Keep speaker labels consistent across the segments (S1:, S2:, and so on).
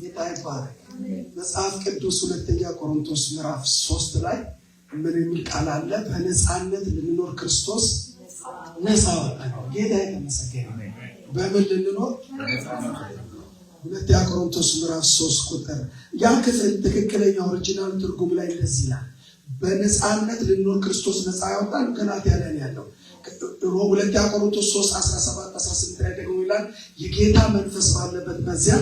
S1: ጌታ ይባረክ። መጽሐፍ ቅዱስ ሁለተኛ ቆሮንቶስ ምዕራፍ ሶስት ላይ ምን የሚል ቃል አለ? በነፃነት ልንኖር ክርስቶስ ነፃ ወጣ። ጌታ የተመሰገነ። በምን ልንኖር? ሁለተኛ ቆሮንቶስ ምዕራፍ ሶስት ቁጥር ያ ክፍል ትክክለኛ ኦሪጂናል ትርጉም ላይ እንደዚህ ይላል፣ በነፃነት ልንኖር ክርስቶስ ነፃ ያወጣል። ገላትያ ላይ ያለው ሁለተኛ ቆሮንቶስ ሶስት አስራ ሰባት አስራ ስምንት ላይ ደግሞ ይላል የጌታ መንፈስ ባለበት በዚያ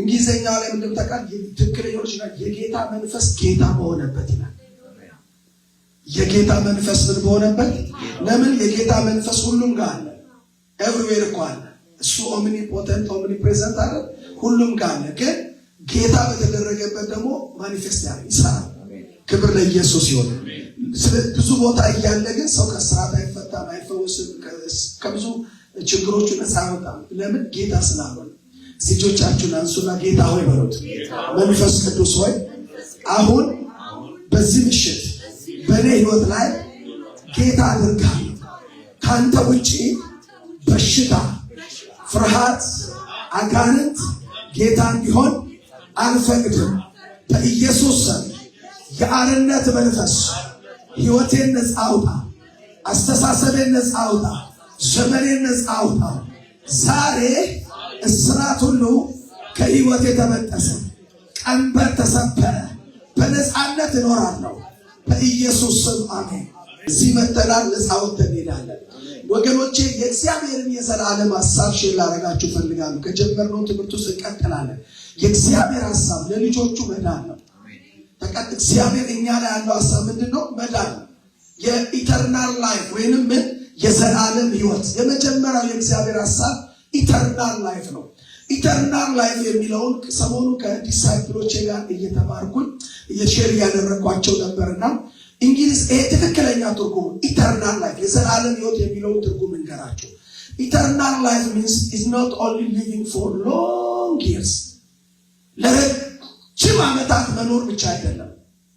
S1: እንግሊዘኛው ላይ ምንድን ተቃል ትክክለኛው ይችላል። የጌታ መንፈስ ጌታ በሆነበት ይላል። የጌታ መንፈስ ምን በሆነበት? ለምን የጌታ መንፈስ ሁሉም ጋር አለ። ኤቭሪዌር እኮ አለ። እሱ ኦምኒ ፖተንት ኦምኒ ፕሬዘንት አለ፣ ሁሉም ጋር አለ። ግን ጌታ በተደረገበት ደግሞ ማኒፌስት ያለ ይሰራል። ክብር ለኢየሱስ ይሆን። ብዙ ቦታ እያለ ግን ሰው ከስርዓት አይፈታም፣ አይፈወስም፣ ከብዙ ችግሮቹ ነፃ አይወጣም። ለምን ጌታ ስላልሆነ እጆቻችሁን አንሱና ጌታ ሆይ በሉት። መንፈስ ቅዱስ ሆይ አሁን በዚህ ምሽት በእኔ ህይወት ላይ ጌታ አድርጋል ከአንተ ውጪ በሽታ፣ ፍርሃት፣ አጋንንት ጌታ እንዲሆን አልፈቅድም። በኢየሱስ ስም የአርነት መንፈስ ህይወቴን ነፃ አውጣ፣ አስተሳሰቤን ነፃ አውጣ፣ ዘመኔን ነፃ አውጣ ዛሬ እስራት ሁሉ ከህይወት የተበጠሰ ቀንበር ተሰበረ። በነፃነት እኖራለሁ በኢየሱስ ስም አሜን። እዚህ መተናል ነፃ ወጥተን እንሄዳለን። ወገኖቼ የእግዚአብሔርን የዘላለም ሀሳብ ሼር ላደርጋችሁ እፈልጋለሁ። ከጀመርነው ትምህርት ውስጥ እንቀጥላለን። የእግዚአብሔር ሀሳብ ለልጆቹ መዳን ነው። በቃ እግዚአብሔር እኛ ላይ ያለው ሀሳብ ምንድን ነው? መዳን ነው። የኢተርናል ላይፍ ወይንም ምን የዘላለም ህይወት የመጀመሪያው የእግዚአብሔር ሀሳብ ኢተርናል ላይፍ ነው። ኢተርናል ላይፍ የሚለውን ሰሞኑ ከዲሳይፕሎች ጋር እየተማርኩኝ እየሼር እያደረግኳቸው ነበርና እንግሊዝ ይሄ ትክክለኛ ትርጉም ኢተርናል ላይፍ የዘላለም ህይወት የሚለውን ትርጉም እንገራቸው። ኢተርናል ላይፍ ሚንስ ኢዝ ኖት ኦንሊ ሊቪንግ ፎር ሎንግ ይርስ ለረጅም ዓመታት መኖር ብቻ አይደለም።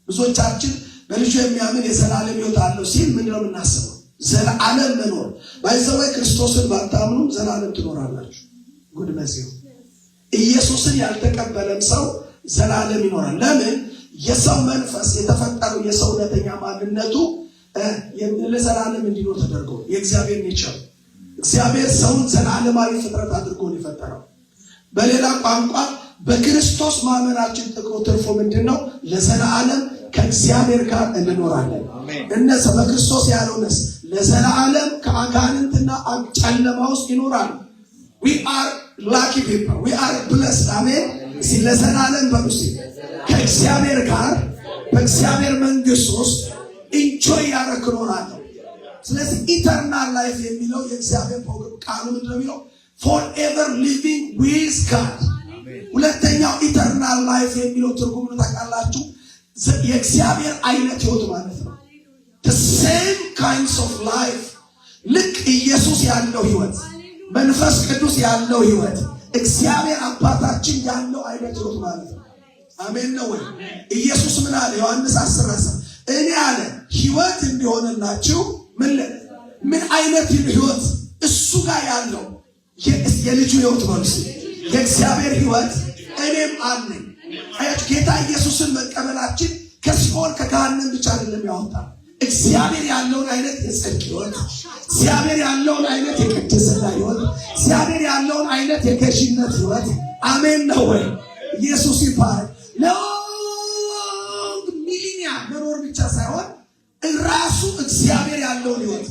S1: ብዙዎቻችን በልጁ የሚያምን የዘላለም ህይወት አለው ሲል ምንድነው የምናስበው? ዘላለም መኖር ባይዘወይ ክርስቶስን ባታምኑ ዘላለም ትኖራላችሁ። ጉድ መሲሁ ኢየሱስን ያልተቀበለም ሰው ዘላለም ይኖራል። ለምን? የሰው መንፈስ የተፈጠረው የሰው ማንነቱ ለዘላለም እንዲኖር ተደርጎ የእግዚአብሔር ኔቸር እግዚአብሔር ሰውን ዘላለማዊ ፍጥረት አድርጎ የፈጠረው። በሌላ ቋንቋ በክርስቶስ ማመናችን ጥቅሙ ትርፎ ምንድን ነው? ለዘላለም ከእግዚአብሔር ጋር እንኖራለን። እነሰ በክርስቶስ ያለውነስ ለዘላለም አጋንንትና ጨለማ ውስጥ ይኖራሉ። ዊ አር ላኪ ፒፕል ዊ አር ብለስ አሜን። ከእግዚአብሔር ጋር በእግዚአብሔር መንግስት ውስጥ እንጆይ ያደረግ ስለዚህ ኢተርናል ላይፍ የሚለው የእግዚአብሔር ፕሮግራም ቃሉ ምንድን ነው የሚለው? ፎር ኤቨር ሊቪንግ ዊዝ ጋድ። ሁለተኛው ኢተርናል ላይፍ የሚለው ትርጉም ታውቃላችሁ? የእግዚአብሔር አይነት ህይወት ማለት ነው። ሴም ካይንድስ ኦፍ ላይፍ ልክ ኢየሱስ ያለው ህይወት፣ መንፈስ ቅዱስ ያለው ህይወት፣ እግዚአብሔር አባታችን ያለው አይነት ህይወት ማለት ነው። አሜን ነው ወይ? ኢየሱስ ምን አለ? ዮሐንስ አስር እኔ አለ ህይወት እንዲሆንላችሁ ምን ምን አይነት ህይወት እሱ ጋር ያለው የልጁ ህይወት መልስ የእግዚአብሔር ህይወት እኔም አለኝ። ጌታ ኢየሱስን መቀበላችን ከሲኦል ከገሃነም ብቻ አይደለም ያወጣል እግዚአብሔር ያለውን አይነት የጸድቅ ይሆን፣ እግዚአብሔር ያለውን አይነት የቅድስና ይሆን፣ እግዚአብሔር ያለውን አይነት የገዥነት ህይወት አሜን ነው ወይ? ኢየሱስ ይባላል። ለሎንግ ሚሊኒያ መኖር ብቻ ሳይሆን ራሱ እግዚአብሔር ያለውን ህይወት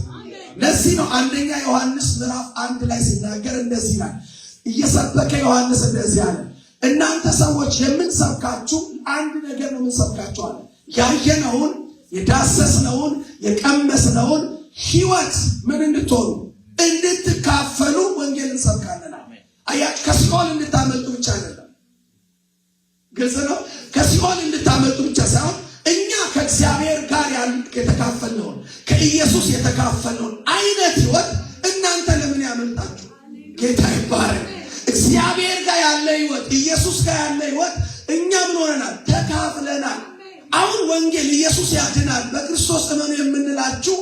S1: ለዚህ ነው አንደኛ ዮሐንስ ምዕራፍ አንድ ላይ ሲናገር እንደዚህ ይላል። እየሰበከ ዮሐንስ እንደዚህ አለ፣ እናንተ ሰዎች የምንሰብካችሁ አንድ ነገር ነው። የምንሰብካችኋለን ያየነውን የዳሰስነውን የቀመስነውን ህይወት ምን እንድትሆኑ እንድትካፈሉ ወንጌል እንሰብካለን። አያ ከሲኦል እንድታመልጡ ብቻ አይደለም፣ ግልጽ ነው። ከሲኦል እንድታመልጡ ብቻ ሳይሆን እኛ ከእግዚአብሔር ጋር የተካፈልነውን ከኢየሱስ የተካፈልነውን አይነት ህይወት እናንተ ለምን ያመልጣችሁ? ጌታ ይባረክ። እግዚአብሔር ጋር ያለ ህይወት፣ ኢየሱስ ጋር ያለ ህይወት አሁን ወንጌል ኢየሱስ ያድናል በክርስቶስ እመኑ የምንላችሁ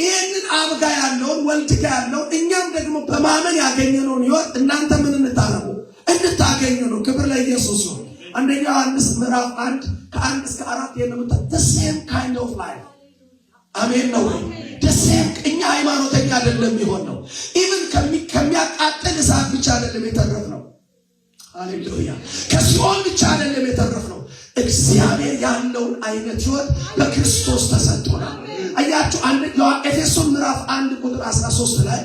S1: ይህንን አብጋ ያለውን ወልድ ጋ ያለውን እኛም ደግሞ በማመን ያገኘነውን ህይወት እናንተ ምን እንታረጉ እንድታገኙ ነው። ክብር ለኢየሱስ ነው። አንደኛ ዮሐንስ ምዕራፍ አንድ ከአንድ እስከ አራት የምታ ደሴም ካይንድ ኦፍ ላይፍ አሜን ነው። ወይ? ደሴም እኛ ሃይማኖተኛ አይደለም ይሆን ነው። ኢቭን ከሚያቃጥል እሳት ብቻ አይደለም የተረፍ ነው። አሌሉያ ከሲኦል ብቻ አይደለም የተረፍ ነው። እግዚአብሔር ያለውን አይነት ህይወት በክርስቶስ ተሰጥቶናል። አንድ ኤፌሶን ምዕራፍ አንድ ቁጥር 13 ላይ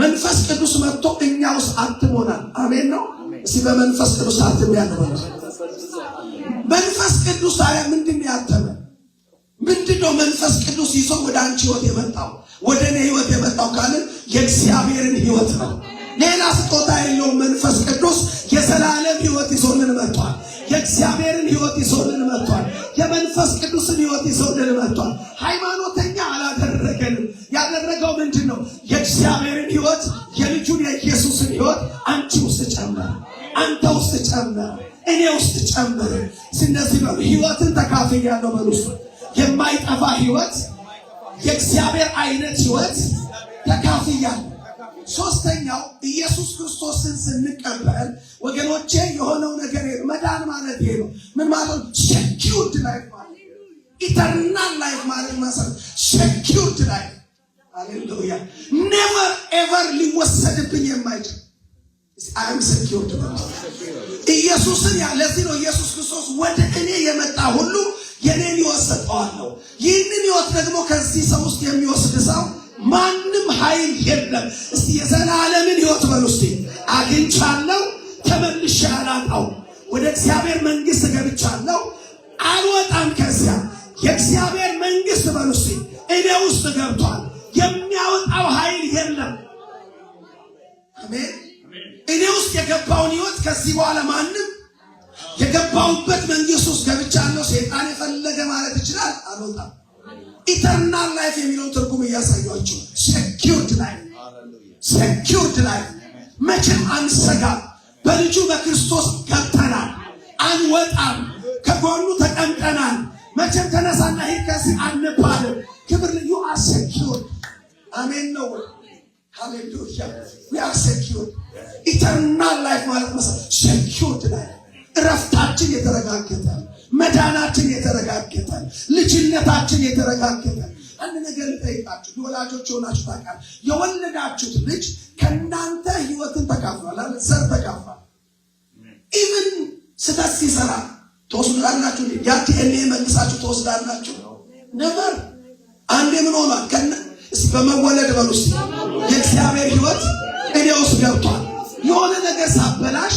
S1: መንፈስ ቅዱስ መጥቶ እኛ ውስጥ አትሞናል። አሜን ነው። እስቲ በመንፈስ ቅዱስ አትም ያለው መንፈስ ቅዱስ ታዲያ ምንድን ያተመ ምንድነው መንፈስ ቅዱስ ይዞ ወደ አንቺ ህይወት የመጣው ወደ እኔ ህይወት የመጣው ካልን የእግዚአብሔርን ህይወት ነው። ሌላ ስጦታ የለውም። መንፈስ ቅዱስ የዘላለም ህይወት ይዞልን መጥቷል። ይዞልን መጥቷል። ሃይማኖተኛ አላደረገንም። ያደረገው ምንድን ነው? የእግዚአብሔርን ሕይወት የልጁን የኢየሱስን ሕይወት አንቺ ውስጥ ጨመረ፣ አንተ ውስጥ ጨመረ፣ እኔ ውስጥ ጨመረ። ስለዚህ በሉ ሕይወትን ተካፍያለሁ። በሉ የማይጠፋ ሕይወት የእግዚአብሔር አይነት ሕይወት ተካፍያለሁ። ሶስተኛው ኢየሱስ ክርስቶስን ስንቀበል ወገኖቼ የሆነው ነገር መዳን ማለት ይሄ ነው። ምን ማለት ሸኪው ድላይ ኢተርናል ላይፍ ማለት ማሰብ ሴኪዩርድ ላይ አሌሉያ ኔቨር ኤቨር ሊወሰድብኝ የማይችል አይም ሴኪዩርድ ኢየሱስን ለዚህ ነው ኢየሱስ ክርስቶስ ወደ እኔ የመጣ ሁሉ የኔን ይወሰጠዋለሁ። ይህንን ህይወት ደግሞ ከዚህ ሰው ውስጥ የሚወስድ ሰው ማንም ኃይል የለም። እስቲ የዘላለምን ህይወት በሉ እስቲ አግኝቻለሁ፣ ተመልሼ አላጣው፣ ወደ እግዚአብሔር መንግስት ገብቻለሁ፣ አልወጣም ከዚያ የእግዚአብሔር መንግስት በሉስ እኔ ውስጥ ገብቷል። የሚያወጣው ኃይል የለም። አሜን። እኔ ውስጥ የገባውን ህይወት ከዚህ በኋላ ማንም የገባውበት መንግስት ውስጥ ገብቻለሁ፣ ሴጣን የፈለገ ማለት ይችላል፣ አልወጣም። ኢተርናል ላይፍ የሚለውን ትርጉም እያሳያችሁ ሴኪርድ ላይ ሴኪርድ ላይ መቼም አንሰጋም። በልጁ በክርስቶስ ገብተናል፣ አንወጣም። ከጎኑ ተቀምጠናል። መቼም ተነሳና ሂድ ከዚህ አንባልም። ክብር ልዩ አሴኪር አሜን ነው። ሃሌሉያ ዊ አር ሴኪር ኢተርናል ላይፍ ማለት መሰ ሴኪር ላይ እረፍታችን የተረጋገጠ መዳናችን የተረጋገጠ ልጅነታችን የተረጋገጠ አንድ ነገር ልጠይቃችሁ፣ ወላጆች የሆናችሁ ታውቃል። የወለዳችሁት ልጅ ከእናንተ ህይወትን ተካፍሏል፣ ዘር ተካፍሏል። ኢቭን ስህተት ሲሰራ ተወስዳላችሁ። ያቺ እኔ መልሳችሁ ተወስዳላችሁ። ነበር አንዴ ምን ሆኗል? ከነ በመወለድ በል ውስጥ የእግዚአብሔር ሕይወት እኔ ውስጥ ገብቷል። የሆነ ነገር ሳበላሽ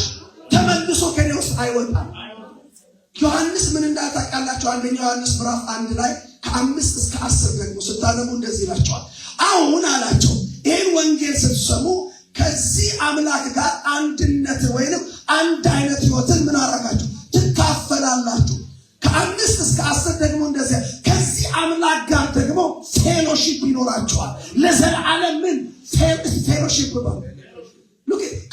S1: ተመልሶ ከኔ ውስጥ አይወጣም። ዮሐንስ ምን እንዳታውቃላችሁ? አንደኛ ዮሐንስ ምዕራፍ አንድ ላይ ከአምስት እስከ አስር ደግሞ ስታነቡ እንደዚህ ይላቸዋል። አሁን አላቸው ይህን ወንጌል ስትሰሙ ከዚህ አምላክ ጋር አንድነት ወይንም አንድ አይነት ህይወትን ምን አረጋችሁ ትላላችሁ። ከአምስት እስከ አስር ደግሞ እንደዚያ ከዚህ አምላክ ጋር ደግሞ ፌሎሺፕ ይኖራቸዋል ለዘላለም። ምን ፌሎሺፕ ነው?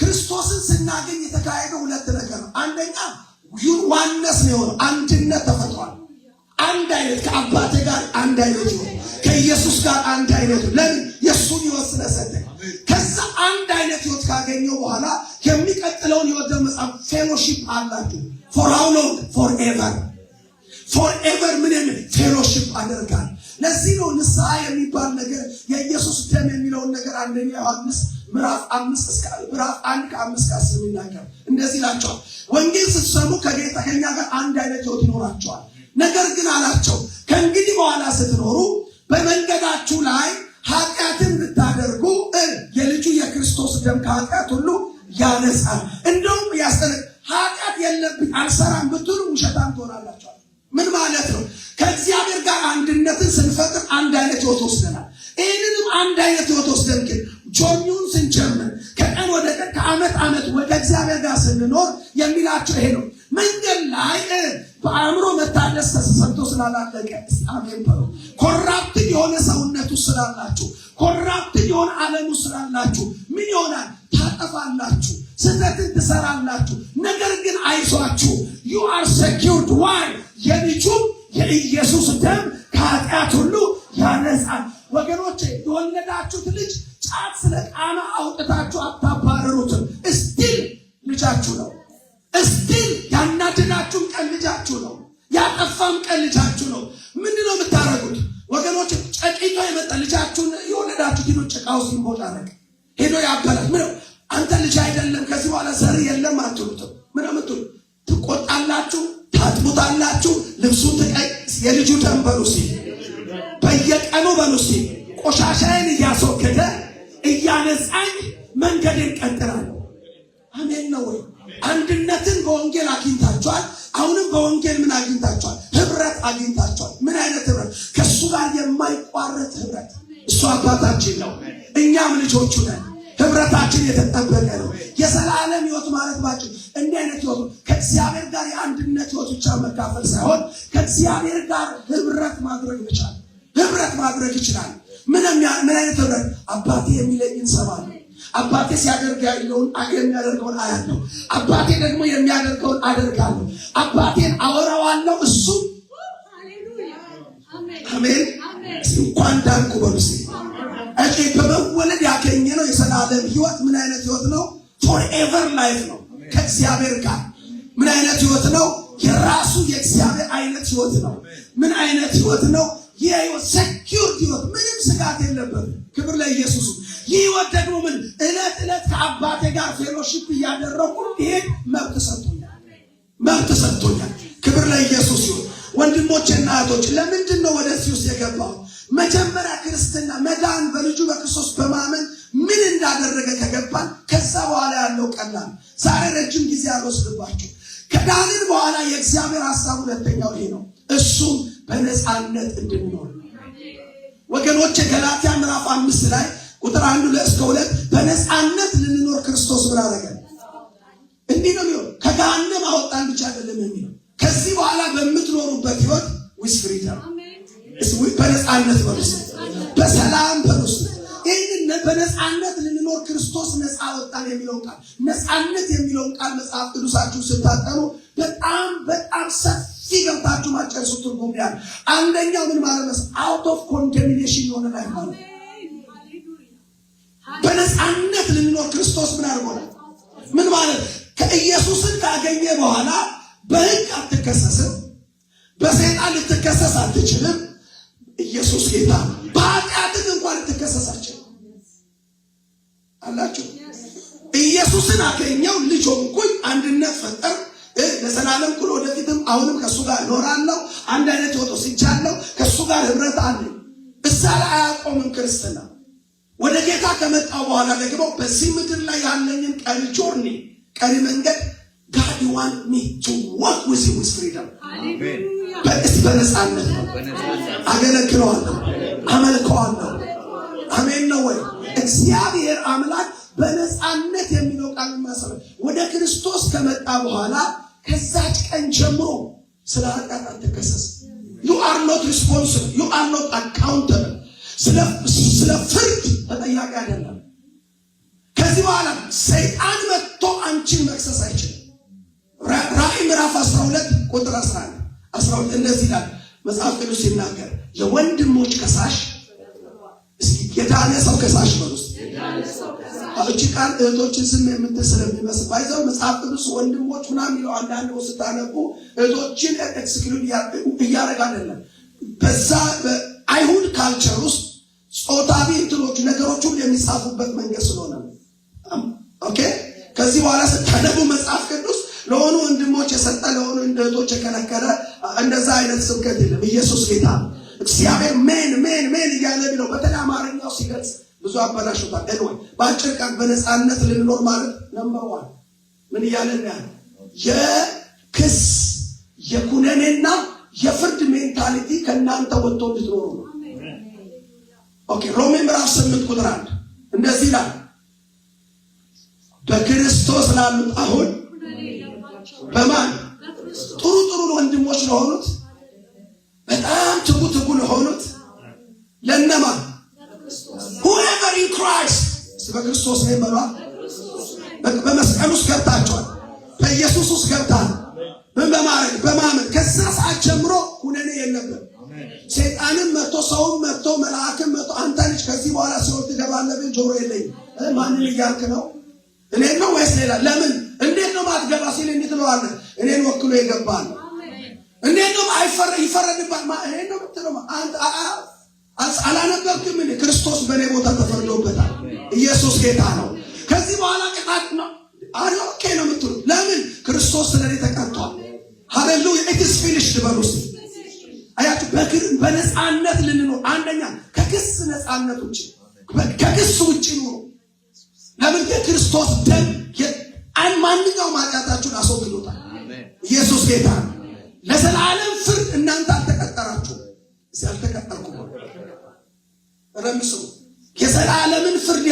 S1: ክርስቶስን ስናገኝ የተካሄደ ሁለት ነገር ነው። አንደኛ ዋነስ ነው የሆነው አንድነት ተፈጥሯል። አንድ አይነት ከአባቴ ጋር አንድ አይነት ይሆን ከኢየሱስ ጋር አንድ አይነት ለምን የእሱን ይወስነ ሰደ አንድ አይነት ህይወት ካገኘው በኋላ የሚቀጥለውን ህይወት መጽሐፍ ፌሎሺፕ አላችሁ። ፎር ሃው ሎንግ? ፎር ኤቨር። ፎር ኤቨር ምን የሚል ፌሎሺፕ አደርጋል። ለዚህ ነው ንስሐ የሚባል ነገር የኢየሱስ ደም የሚለውን ነገር አንደኛ ዮሐንስ ምዕራፍ አምስት እስከ ምዕራፍ አንድ ከአምስት ከአስር ይናገር እንደዚህ ይላቸዋል። ወንጌል ስትሰሙ ከጌታ ከኛ ጋር አንድ አይነት ህይወት ይኖራቸዋል። ነገር ግን አላቸው ከእንግዲህ በኋላ ስትኖሩ በመንገዳችሁ ላይ ኃጢአትን ብታደርጉ የልጁ የክርስቶስ ደም ከኃጢአት ሁሉ ያነጻል። እንደውም ያስጠነ ኃጢአት የለብኝ አልሰራም ብትሉ ውሸታም ትሆናላቸዋል። ምን ማለት ነው? ከእግዚአብሔር ጋር አንድነትን ስንፈጥር አንድ አይነት ህይወት ወስደናል። ይህንንም አንድ አይነት ህይወት ወስደን ግን ጆርኒውን ስንጀምር ከቀን ወደ ቀን ከአመት አመት ወደ እግዚአብሔር ጋር ስንኖር የሚላቸው ይሄ ነው። መንገድ ላይ በአእምሮ መታደስ ተሰሰምቶ ስላላለቀ አሜን በሉ። ኮራፕትን የሆነ ሰውነቱ ስላላችሁ፣ ኮራፕትን የሆነ ዓለሙ ስላላችሁ ምን ይሆናል? ታጠፋላችሁ፣ ስህተትን ትሰራላችሁ። ነገር ግን አይዟችሁ፣ ዩ አር ሴኪርድ ዋይ የልጁ የኢየሱስ ደም ከኃጢአት ሁሉ ያነጻል። ወገኖች የወለዳችሁት ልጅ ጫት ስለ ቃና አውጥታችሁ አታባረሩትም። እስቲል ልጃችሁ ነው። እስቲል ያናድናችሁን ቀን ልጃችሁ ነው። ያጠፋም ቀን ልጃችሁ ነው። ምንድን ነው የምታደርጉት ወገኖች? ጨቂቶ የመጣ ልጃችሁን የወለዳችሁ ሄዶ ጭቃ ውስጥ ይቦጫረቅ ሄዶ ያበላል። ምነው አንተ ልጅ አይደለም ከዚህ በኋላ ዘር የለም አትሉትም። ምን ምትሉ ትቆጣላችሁ፣ ታጥቡታላችሁ። ልብሱን ትቀይ የልጁ ደም በሉ ሲል በየቀኑ በሉ ሲል ቆሻሻዬን እያስወገደ እያነጻኝ መንገድን ቀጥላለሁ በወንጌል አግኝታቸዋል። አሁንም በወንጌል ምን አግኝታቸዋል? ህብረት አግኝታቸዋል። ምን አይነት ህብረት? ከእሱ ጋር የማይቋረጥ ህብረት። እሱ አባታችን ነው፣ እኛም ልጆቹ ነን። ህብረታችን የተጠበቀ ነው። የዘላለም ህይወት ማለት ባጭር እንዲህ አይነት ህይወት ከእግዚአብሔር ጋር የአንድነት ህይወት ብቻ መካፈል ሳይሆን ከእግዚአብሔር ጋር ህብረት ማድረግ መቻል። ህብረት ማድረግ ይችላል። ምን አይነት ህብረት? አባቴ የሚለኝ እንሰማለን አባቴ ሲያደርግ ያለውን የሚያደርገውን አያለሁ። አባቴ ደግሞ የሚያደርገውን አደርጋለሁ። አባቴን አወራዋለሁ። እሱ አሜን። እንኳን ዳንኩ በምስ እኔ በመወለድ ነው። የዘላለም ህይወት ምን አይነት ህይወት ነው? ፎርኤቨር ላይፍ ነው ከእግዚአብሔር ጋር። ምን አይነት ህይወት ነው? የራሱ የእግዚአብሔር አይነት ህይወት ነው። ምን አይነት ህይወት ነው? ይህ ህይወት ሴኪርድ ህይወት፣ ምንም ስጋት የለበት። ክብር ለኢየሱስ። ይህ ምን እለት እለት ከአባቴ ጋር ፌሎሽፕ እያደረጉ ይሄን መብት ሰጥቶኛል፣ መብት ሰጥቶኛል። ክብር ለኢየሱስ ይሁን። ወንድሞቼና እህቶች ለምንድን ነው ወደዚህ ውስጥ የገባው? መጀመሪያ ክርስትና መዳን በልጁ በክርስቶስ በማመን ምን እንዳደረገ ከገባን ከዛ በኋላ ያለው ቀላል። ዛሬ ረጅም ጊዜ አልወስድባችሁ። ከዳንን በኋላ የእግዚአብሔር ሀሳብ ሁለተኛው ይሄ ነው፣ እሱም በነፃነት እንድንኖር ወገኖች፣ ገላትያ ምዕራፍ አምስት ላይ ቁጥር አንዱ ለእስከ ሁለት በነፃነት ልንኖር ክርስቶስ ብላ ነገር እንዲህ ነው የሚሆን። ከገሃነም አወጣን ብቻ አይደለም የሚለው ከዚህ በኋላ በምትኖሩበት ህይወት ዊዝ ፍሪደም በነፃነት በሩስ በሰላም በሩስ ይህን በነፃነት ልንኖር ክርስቶስ ነፃ አወጣን የሚለው ቃል ነፃነት የሚለውን ቃል መጽሐፍ ቅዱሳችሁ ስታጠኑ በጣም በጣም ሰፊ ገብታችሁ ማጨርሱ ትርጉም ያል አንደኛው ምን ማለት ነው? አውት ኦፍ ኮንደሚኔሽን የሆነ ላይ ማለት በነፃነት ልንኖር ክርስቶስ ምን አድርጎናል? ምን ማለት ከኢየሱስን ካገኘ በኋላ በህግ አትከሰስም። በሰይጣን ልትከሰስ አትችልም። ኢየሱስ ጌታ። በኃጢአትህ እንኳን ልትከሰሳችል አላችሁ። ኢየሱስን አገኘው፣ ልጅ ሆንኩኝ፣ አንድነት ፈጠር ለዘላለም ኩል ወደፊትም አሁንም ከእሱ ጋር እኖራለሁ። አንድ አይነት ወጦ ወስጃለሁ። ከእሱ ጋር ህብረት አለ። እዛ ላይ አያቆምም ክርስትና ወደ ጌታ ከመጣ በኋላ ደግሞ በዚህ ምድር ላይ ያለኝን ቀሪ ጆርኒ ቀሪ መንገድ ጋድ ዋን ሚ ቱ ወክ ዊዝ ዊዝ ፍሪደም በእስ በነፃነት ነው። አገለግለዋለሁ፣ አመልከዋለሁ። አሜን ነው ወይ? እግዚአብሔር አምላክ በነፃነት የሚለው ቃል ማሰብ ወደ ክርስቶስ ከመጣ በኋላ ከዛች ቀን ጀምሮ ስለ ኃጢአት አትከሰስ። ዩ አር ኖት ሪስፖንስብል ዩ አር ኖት አካውንተብል ስለ ፍርድ ተጠያቂ አይደለም። ከዚህ በኋላ ሰይጣን መጥቶ አንቺን መክሰስ አይችልም። ራእይ ምዕራፍ 12 ቁጥር 11 12 እንደዚህ ይላል መጽሐፍ ቅዱስ ሲናገር ለወንድሞች ከሳሽ የዳነ ሰው ከሳሽ በሉስ እቺ ቃል እህቶችን ስም የምትል ስለሚመስል ባይዘው መጽሐፍ ቅዱስ ወንድሞች ምናምን የሚለው አንዳንድ ስታነቁ እህቶችን ኤክስክሉድ እያደረግ አይደለም። በዛ ካልቸር ውስጥ ጾታዊ እንትኖች ነገሮች ሁሉ የሚጻፉበት መንገድ ስለሆነ ኦኬ። ከዚህ በኋላ ስታነቡ መጽሐፍ ቅዱስ ለሆኑ ወንድሞች የሰጠ ለሆኑ እንደቶች የከለከለ እንደዛ አይነት ስብከት የለም። ኢየሱስ ጌታ እግዚአብሔር ሜን ሜን ሜን እያለ ነው። በተለይ አማርኛው ሲገልጽ ብዙ አበላሽቷል። ኤንወይ በአጭር ቃል በነፃነት ልንኖር ማለት ነምበር ዋን ምን እያለ ያለ የክስ የኩነኔና የፍርድ ሜንታሊቲ ከእናንተ ወጥቶ እንድትኖሩ ነው። ኦኬ ሮሜ ምዕራፍ ስምንት ቁጥር አንድ እንደዚህ ይላል በክርስቶስ ላሉት አሁን በማን ጥሩ ጥሩ ወንድሞች ለሆኑት በጣም ትጉ ትጉ ለሆኑት ለነማ ሁኤቨር ኢን ክራይስት በክርስቶስ ላይ መሏ በመስቀል ውስጥ ገብታቸዋል። በኢየሱስ ውስጥ ገብታል። ምን በማድረግ በማመን ከዛ ሰዓት ጀምሮ ኩነኔ የለብን ሰይጣንም መጥቶ ሰውም መጥቶ መልአክም መጥቶ አንተ ልጅ ከዚህ በኋላ ሲወርድ ትገባለህ ጆሮ የለኝ ማንን እያልክ ነው? እኔን ነው ወይስ ሌላ? ለምን እንዴት ነው ማትገባ ሲል እንዲህ ትለዋለህ። እኔን ወክሎ ይገባል እንዴት ነው አይፈረ ይፈረድባል። ማ እኔን ነው ምትለው። አላነበርክም? ክርስቶስ በእኔ ቦታ ተፈርዶበታል። ኢየሱስ ጌታ ነው። ከዚህ በኋላ ቅጣት ነው አሪኦኬ ነው የምትሉ ለምን? ክርስቶስ ስለኔ ተቀርቷል። ሃሌሉያ ኢትስ ፊኒሽድ በሉ እስኪ አያችሁ በግር በነፃነት ልንኖር አንደኛ ከክስ ነፃነት ውጭ ከክስ ውጭ ኑሮ። ለምን የክርስቶስ ደም ማንኛውም ኃጢአታችሁን አስወግዶታል። ኢየሱስ ጌታ ነው። ለዘላለም ፍርድ እናንተ አልተቀጠራችሁ እዚ ረምሱ የዘላለምን ፍርድ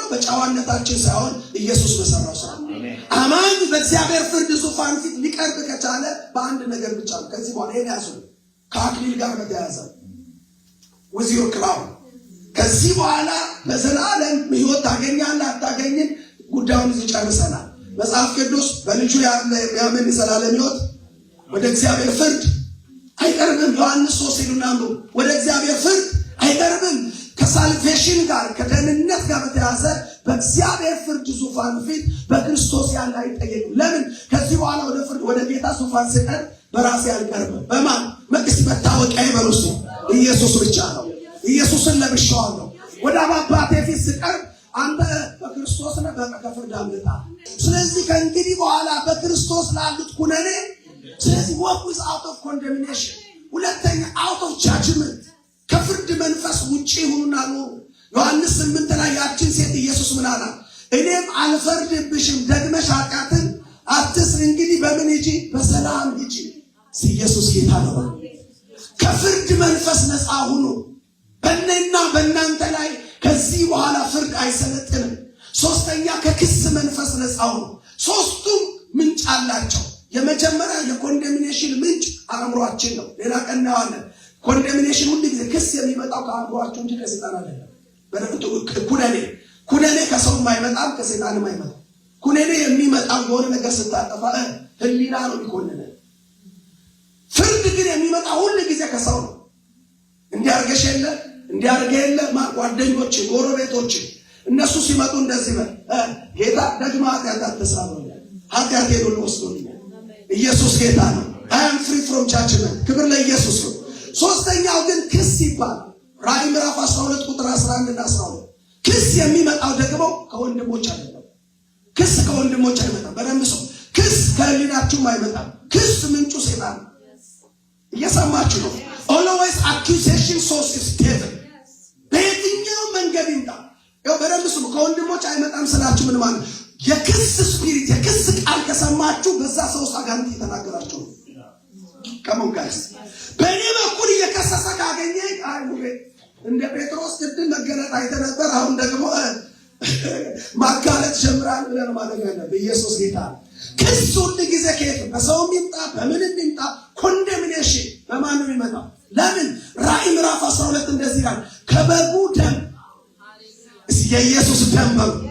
S1: ነው በጨዋነታችን ሳይሆን ኢየሱስ በሰራው ስራ አማኝ በእግዚአብሔር ፍርድ ዙፋን ፊት ሊቀርብ ከቻለ በአንድ ነገር ብቻ ነው። ከዚህ በኋላ ይሄን ያዙ ከአክሊል ጋር በተያያዘ ወዚዮ ክላው ከዚህ በኋላ በዘላለም ህይወት ታገኛለ አታገኝም፣ ጉዳዩን እዚህ ጨርሰናል። መጽሐፍ ቅዱስ በልጁ ያለ የሚያምን የዘላለም ሕይወት ወደ እግዚአብሔር ፍርድ አይቀርብም። ዮሐንስ ሶስት ሄዱና ወደ እግዚአብሔር ፍርድ አይቀርብም። ከሳልቬሽን ጋር ከደህንነት ጋር በተያያዘ በእግዚአብሔር ፍርድ ዙፋን ፊት በክርስቶስ ያለ አይጠየቅም። ለምን ከዚህ በኋላ ወደ ፍርድ ወደ ጌታ ዙፋን ስቀር በራሴ አልቀርብም። በማን መንግስት መታወቂያ ይበሉስ ኢየሱስ ብቻ ነው። ኢየሱስን ለብሻዋለሁ። ወደ አባቴ ፊት ስቀርብ አንተ በክርስቶስ ነህ፣ ከፍርድ አምልጣ። ስለዚህ ከእንግዲህ በኋላ በክርስቶስ ላሉት ኩነኔ ስለዚህ ወክ ዊዝ አውት ኦፍ ኮንደሚኔሽን፣ ሁለተኛ አውት ኦፍ ጃጅመንት ከፍርድ መንፈስ ውጭ ይሁኑና ኖሩ። ዮሐንስ ስምንት ላይ ያችን ሴት ኢየሱስ ምን አላት? እኔም አልፈርድብሽም ደግመሽ ኃጢአትን አትስሪ። እንግዲህ በምን ሂጂ? በሰላም ሂጂ። ኢየሱስ ጌታ ነው። ከፍርድ መንፈስ ነፃ ሁኑ። በእኔና በእናንተ ላይ ከዚህ በኋላ ፍርድ አይሰለጥንም። ሶስተኛ ከክስ መንፈስ ነፃ ሁኑ። ሶስቱም ምንጭ አላቸው። የመጀመሪያ የኮንደሚኔሽን ምንጭ አእምሯችን ነው። ሌላ ቀን እናየዋለን። ኮንደሚኔሽን ሁሉ ጊዜ ክስ የሚመጣው ከአእምሯቸው እንጂ ከሴጣን አይደለም። በደምቱ ኩነኔ ኩነኔ ከሰው አይመጣም ከሴጣንም አይመጣም። ኩነኔ የሚመጣው የሆነ ነገር ስታጠፋ ህሊና ነው የሚኮንነ የሚመጣ ሁሉ ጊዜ ከሰው ነው። እንዲያርገሽ የለ እንዲያርገ የለ ጓደኞች፣ ጎረቤቶች እነሱ ሲመጡ እንደዚህ በል ጌታ ደግማ ኃጢአት አትስራ ብሎኛል። ኃጢአት ሄዶ ወስዶኛል። ኢየሱስ ጌታ ነው። አያም ፍሪ ፍሮም ቻች ክብር ለኢየሱስ ነው። ሶስተኛው ግን ክስ ይባል ራእይ ምዕራፍ 12 ቁጥር 11 እና 12 ክስ የሚመጣው ደግሞ ከወንድሞች አይመጣም። ክስ ከወንድሞች አይመጣም። በደንብ ሰው ክስ ከህሊናችሁም አይመጣም። ክስ ምንጩ ሴጣን ነው። እየሰማችሁ ነው። ኦልዌይስ አኪውዜሽን ሶርስ ኢዝ በየትኛው መንገድ ይምጣ በደንብ ስሙ። ከወንድሞች አይመጣም ስላችሁ ምን ማለት የክስ ስፒሪት የክስ ቃል ከሰማችሁ በዛ ሰው ውስጥ አጋንንት እየተናገራችሁ ነው። ከመን ጋይስ በእኔ በኩል እየከሰሰ ካገኘ እንደ ጴጥሮስ ቅድም መገለጥ አይተነበር አሁን ደግሞ ማጋለጥ ጀምራል ብለን ማለት ያለብን ኢየሱስ ጌታ ነው። ክስ ሁል ጊዜ ከየት በሰውም ይምጣ በምንም ይምጣ ኮንደሚኔሽን በማን ነው የሚመጣው? ለምን ራእይ ምዕራፍ 12 እንደዚህ ይላል ከበጉ ደም የኢየሱስ ደም በሉ